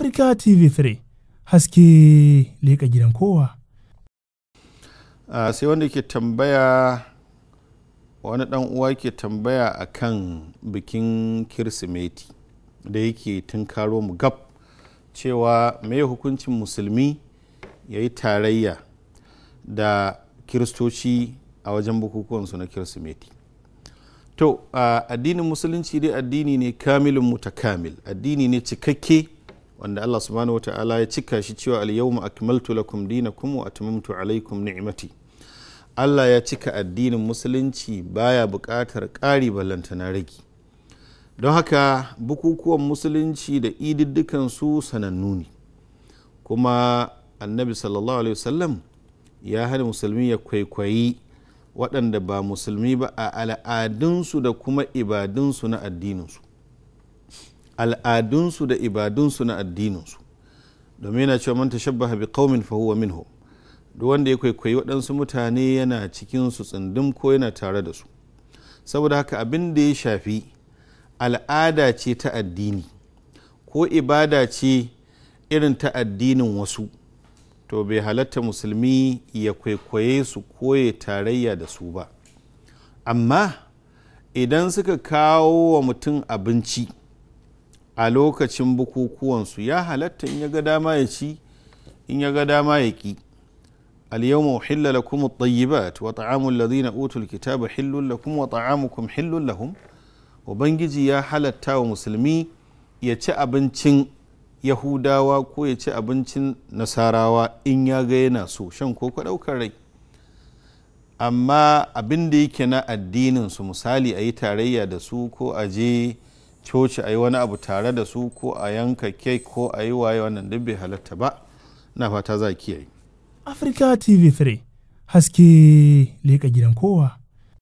Africa TV3 haske leka gidan kowa. Ah, sai wanda ke tambaya wani dan uwa ke tambaya a kan bikin kirsimeti da yake tun karo mu gab cewa mai hukuncin musulmi ya yi tarayya da kiristoci a wajen bukukuwansu na kirsimeti to uh, addinin musulunci dai addini ne kamilin mutakamil addini ne cikakke wanda Allah subhanahu wa ta'ala ya cika shi cewa al-yawma akmaltu lakum dinakum wa atmamtu alaykum ni'mati Allah ya cika addinin musulunci baya buƙatar ƙari na rage don haka bukukuwan musulunci da ididdikan su sanannu ne kuma annabi sallallahu alaihi wasallam ya hana musulmi ya kwaikwayi waɗanda ba musulmi ba a al'adunsu da kuma ibadunsu na addininsu al'adunsu da ibadunsu na addininsu domin yana cewa man tashabbaha bi qaumin fa huwa minhum duk wanda ya kwaikwayi waɗansu mutane yana cikin su tsindim ko yana tare da su saboda haka abin da ya shafi al'ada ce ta addini ko ibada ce irin ta addinin wasu to bai halatta musulmi ya kwaikwaye su ko ya tarayya da su ba amma idan suka kawo wa mutum abinci a lokacin bukukuwansu ya halatta in ya ga dama ya ci in ya ga dama ya ki اليوم أحل لكم الطيبات وطعام الذين أوتوا الكتاب حل لكم وطعامكم ubangiji ya halatta wa musulmi ya ci abincin yahudawa ko ya ci abincin nasarawa in ya ga yana so shan ka ɗaukar rai amma abin da yake na addinin su misali a yi tarayya da su ko a je coci a yi wani abu tare da su ko a yanka kek ko a yi waye wannan duk bai halatta ba na fata za kiyaye. Africa TV 3 haske leƙa gidan kowa.